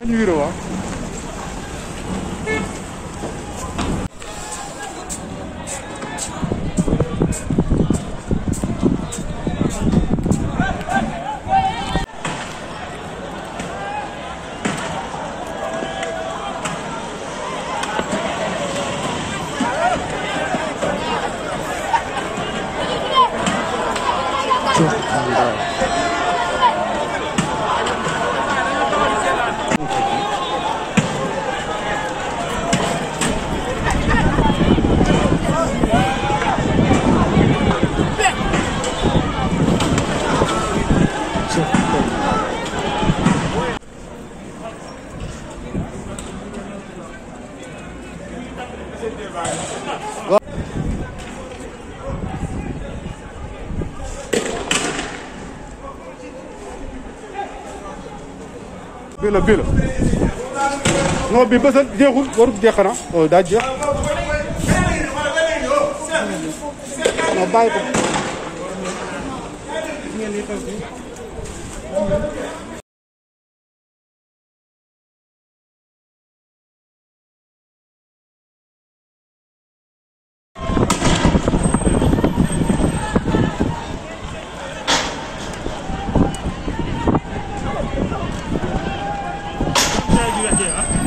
Kaç euro var? çok kanda. Thank you. bii la bii la non jeexul warut jeex xanaa oh jeex non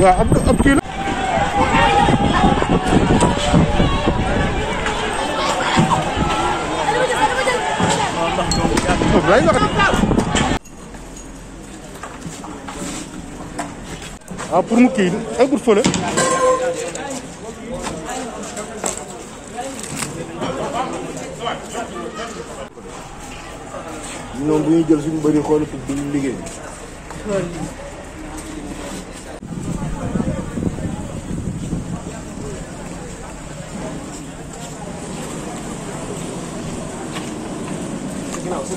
waaw am na ab kii la. waaw ah, pour mu kii eggul fële. ñoom bu ñuy jël suñu bëri xool fi duñu liggéey. ginnaaw sa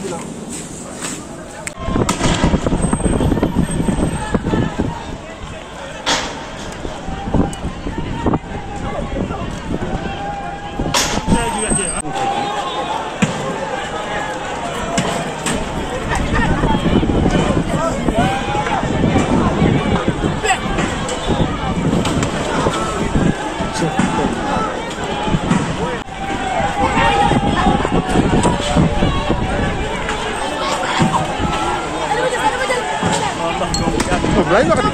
lay wax